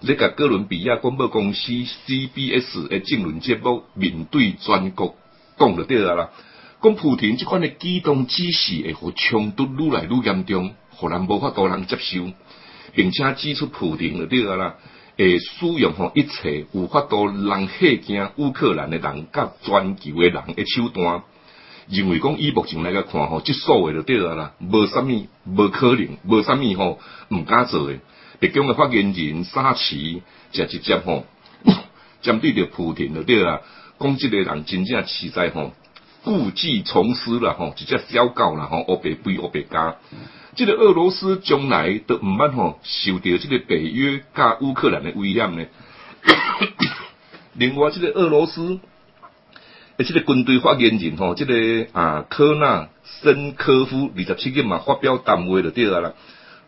咧個哥倫比亞廣播公司 C B S 誒政論節目面對全國講落對啊啦，講普丁這款嘅機動姿勢會互衝突愈來愈嚴重，互人無法度人接受，並且指出普丁落對啊啦，誒，使用吼一切無法度人嚇驚烏克蘭嘅人甲全球嘅人誒手段，認為講伊目前來個看吼，即所有落對啊啦，無啥物無可能無啥物吼毋敢做誒。浙江嘅發言人沙奇就直接吼，針對着莆田就對啊，講即個人真正實在吼，故伎重施啦吼，直、喔、接小搞啦吼，二、喔、白背二白加，即、嗯這個俄羅斯將來都唔蠻吼，受到即個北約加烏克蘭嘅威脅咧。另外，即個俄羅斯，誒，即個軍隊發言人吼，即、喔這個啊科納申科夫二十七日嘛發表談話就對啊啦。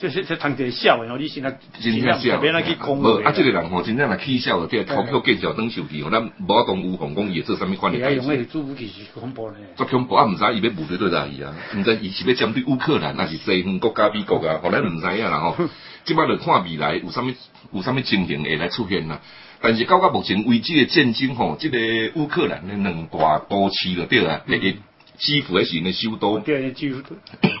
即即即談著笑，我啲先啊，先啊，別人去恐嘅。啊，即、這個人吼，真正係起笑嘅，即投票口健舌，手機皮。咱諗冇動，烏洪講，也做啥物關聯嘅。啊，用武器去恐怖咧？做恐怖啊，毋知伊要武器做大事啊，毋知伊是要針對烏克蘭，還是西方國家美國啊？後咱毋知影，然後即擺著看未來有啥物有啥物情形會來出現啦。但是到目前為止誒戰爭吼，即、這個烏克蘭誒兩大都市嗰啲啊，還是你基輔一時你首都。嗯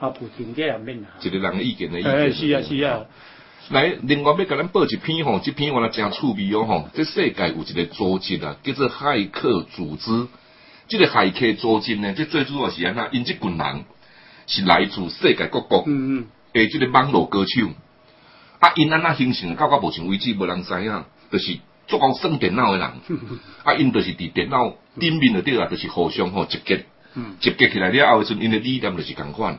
啊！部電機也免啊，一個人意見咧，意見是，是啊，是啊。來，另外要甲咱報一篇吼，一篇話咧正趣味哦吼。這世界有一個組織啊，叫做駭客組織。即、這個駭客組織咧，即最主要是安怎，因即群人是來自世界各國嗯，誒，即個網絡歌手。啊，因安那形成到目前為止無人知影，著是足夠識電腦嘅人。啊，因就是佇電腦頂面嗰啲啊，是互相互襲嗯，襲擊、就是、起來咧後邊，因為啲咁著是共款。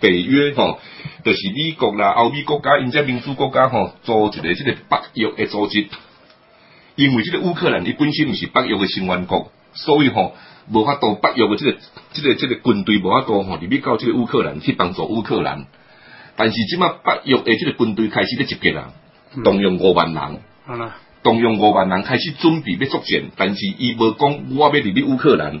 北約吼著、喔，就是美國啦、歐美國家，因只民主國家吼組、喔、一個即個北約嘅組織。因為即個烏克蘭，伊本身毋是北約嘅成員國，所以吼無、喔、法度北約嘅即個即、這個即、這個軍隊無法度吼入、喔、去到即個烏克蘭去幫助烏克蘭。但是即嘛北約嘅即個軍隊開始咧集結人，動用五萬人，動用五萬人開始準備咧作戰。但是伊無講我要入去烏克蘭。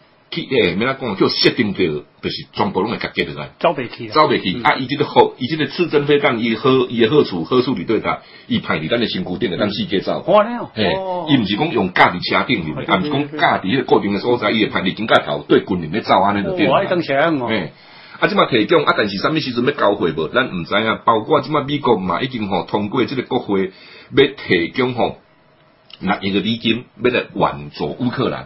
誒，要安怎講叫設定着，就是全部攏會格局嚟嘅。走未去，去？走未去？啊！伊即、這個好，伊即個是真非假，伊好伊嘅好處好處佇倒搭，伊排佇咱誒先固定誒咱世界走。誒、嗯，伊毋、喔欸哦、是講用家己車頂，唔係，係唔係講家己迄個固定誒所在？伊會排佇頂蓋頭，對軍人嘅走安尼著對？哇！欸、啊即嘛提供，啊但是啥物時陣要交會無？咱毋知影，包括即嘛美國嘛，已經吼通過即個國會要提供吼，若伊個禮金，要來援助烏克蘭。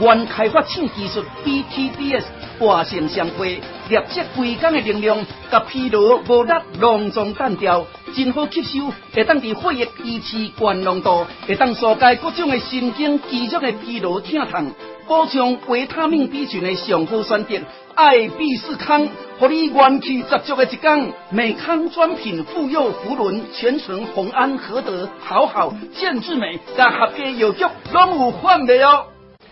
用開發新技術 B T B S 化成雙倍，立即貴港的能量，甲疲勞無力、隆重單調，真好吸收，會當佇血液支持高濃度，會當紓解各種嘅神經肌肉嘅疲勞疼痛，補充維他命 B 群嘅上好選擇。愛必適康，予你元氣十足嘅一天美康專品婦幼芙潤，全程紅安合德，好好健之美，甲，合家藥局攏有販賣哦。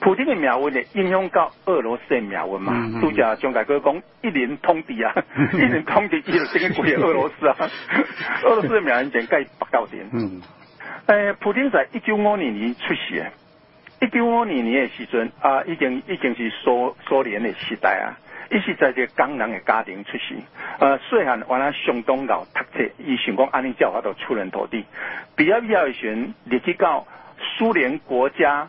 普京的命運咧，影響到俄羅斯的命運嘛，都像蔣介石講一連通地啊、嗯，一連通地一路經過俄羅斯啊， 俄羅斯的命運就介不高點。誒、嗯欸，普京在一九五二年裏出世，一九五二年嘅時陣啊，已經已經是蘇蘇聯嘅時代啊，伊是在一個工人嘅家庭出世，呃，細漢原來相當老讀冊，伊想講安尼教他都出人頭地，比較比較以前，你去到蘇聯國家。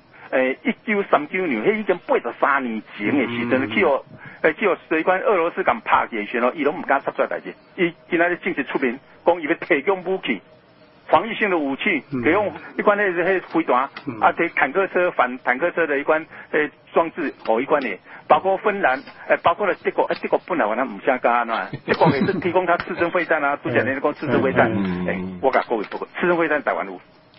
誒、欸，一九三九年，迄已經八十三年前嘅時陣，去、嗯、哦，誒，去哦，台灣俄羅斯咁拍解算咯，伊都唔敢出出大事。伊近年是經濟出兵，講伊要提供武器，防禦性的武器，提供一關咧是許飛彈、嗯，啊，對坦克車反坦克車的一關誒裝、欸、置，某、哦、一關的包括芬蘭，誒、欸，包括了德國，誒，德國本來話他不想幹呐，德國也是提供他刺針飛彈啊，都講連講刺針飛彈，嗯，誒、欸，我甲各位報告，刺針飛彈台灣路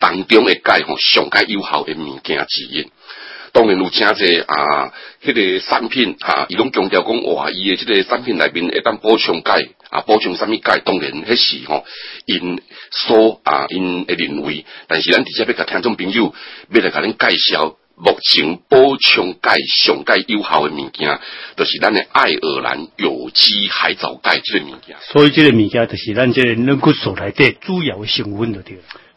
當中嘅鈣吼上鈣有效嘅物件之一，當然有真濟啊，迄、那個產品吓，伊攏強調講哇伊誒即個產品內面會當補充鈣啊，補充啥物鈣，當然迄時吼，因、哦、所啊因嘅認為，但是咱直接要甲聽眾朋友，要來甲恁介紹目前補充鈣上鈣有效誒物件，就是咱誒愛爾蘭有機海藻鈣即、這個物件。所以，即個物件就是咱這能夠所來得主要成分着對。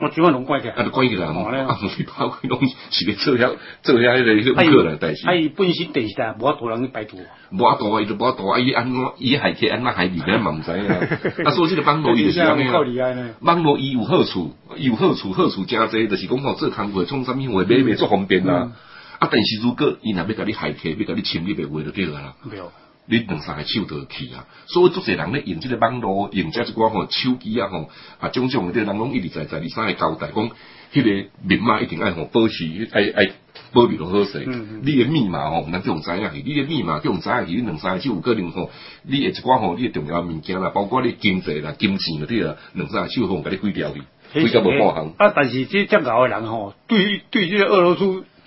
我主要攞貴嘅，我啊，毋梅跑佢攞時時做嘢，做嘢喺度去過嚟，但是本電視台㗎，無得多人去拜土。冇啊，伊就無得多。啊，伊安怎，伊下客安怎下邊嘛毋知影。啊，所以網絡，伊著是安尼，啊？網絡伊有好處，伊有好處，好處誠濟、這個，著、就是講吼。做康會，創什物，話買每做方便啊、嗯？啊，但是如果伊若要甲啲下客，要甲啲簽幾百戶，著幾好啦。你兩三個手著會去啊！所以好多人咧用即個網絡用即一寡吼手機啊，吼啊，種種嗰啲人講一而再再而三誒交代，講、那、迄個密碼一定愛吼保持，愛愛保留到好勢、嗯。你誒密碼哦、啊，毋通知影去，你誒密碼知影去，你兩三個手有可能吼你誒一寡吼你誒重要嘅物件啦，包括你經濟啦、金錢嗰啲啦，兩三個手吼甲你毀掉去，飛咗無方向。啊，但是啲隻眼誒人哦，對對，呢個俄羅斯。